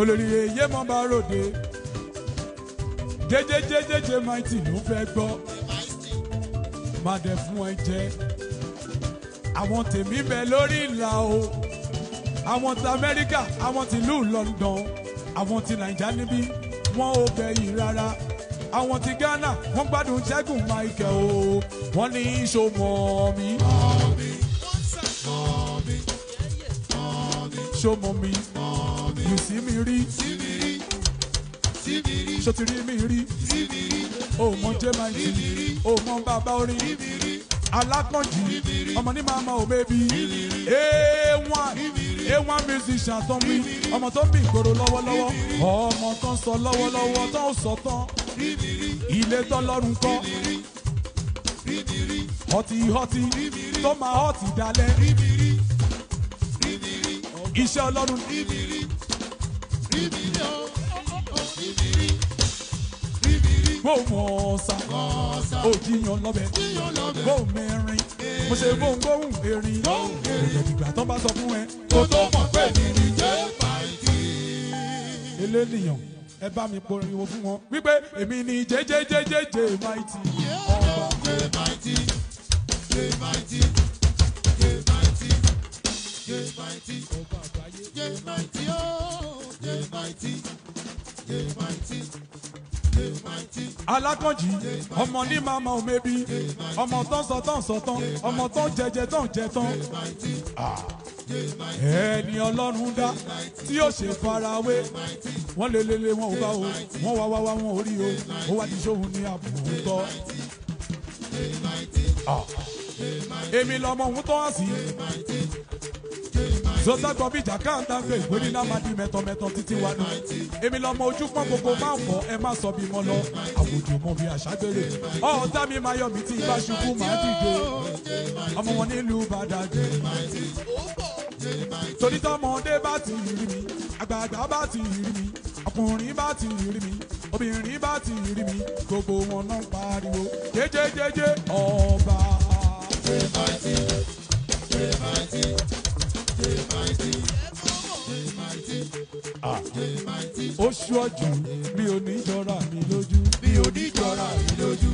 olórí eyé mọ́ bá ròde jẹjẹjẹjẹjẹ máìtì ló fẹ́ gbọ́ má dẹ̀ fún ẹ jẹ àwọn tèmi bẹ lórí ìlà o àwọn ti Amẹ́ríkà àwọn ti ìlú London àwọn ti Nàìjà níbí wọn ò bẹ̀yìn rárá àwọn ti Ghana wọ́n gbádùn Ṣẹ́gun Michael o wọ́n ní ṣomọ mi. ṣomọ mi yù sí mi rí ṣó ti rí mi rí òmò jẹ́ máa jì òmò bàbá orin alákànjì ọmọ ní màmá ò bẹ́bí a1 musician tó ń wí ọmọ tó ń bí ìgboro lọ́wọ́lọ́wọ́ ọmọ tó ń sọ lọ́wọ́lọ́wọ́ tó ń sọ tán ilé tọ́lọ́run kọ́ họtí họtí tó máa họtí dalẹ̀ iṣẹ́ ọlọ́run bó mọ ọsà òjìyàn lọbẹ bó mẹ́rin mo ṣe bó gbóhùn erin ìgbà tó bá sọ fún ẹ. kó tó mọ̀ pé mi ni jẹ́ fàìtì. eléyìí ẹ bá mi pariwo fún wọn wípé èmi ni jẹjẹjẹjẹjẹ maiti ọba. jẹ jẹ maiti ooo alákànjì ọmọ ní màmá òmẹbí ọmọ tán sọ tán sọ tán ọmọ tán jẹjẹ tán jẹ tán ẹni ọlọ́run dá tí ó ṣe farawé wọ́n lé lélẹ̀ wọn ò bá o wọ́n wá wá wá wọn ò rí o ó wá ti ṣóhun ní àbùtọ́. èmi lọmọ òun tán á sí sọ́sàgbọ́ bíjà káńtà ń gbé ìgbóni náà máa di mẹ́tọ̀mẹ́tọ̀ títí wa nù. èmi lọ́mọ ojú pọ́n gbogbo máa ń fọ́ ẹ má sọ bí mo lọ àwòjù mọ́ bí àṣàgbére. ọ̀ọ́dá mi máa yọ mi tí ibà ṣubú máa dìde ọmọ wọn nílùú bàdàjẹ́. torí tọmọdé bá ti yìí mi àgbààgbà bá ti yìí mi ọkùnrin bá ti yìí mi obìnrin bá ti yìí mi gbogbo wọn náà pariwo jẹjẹjẹjẹ ọ̀ọ́ oṣù ah. ọjọ́ mi ò ní jọra mi lójú. mi ò ní jọra mi lójú.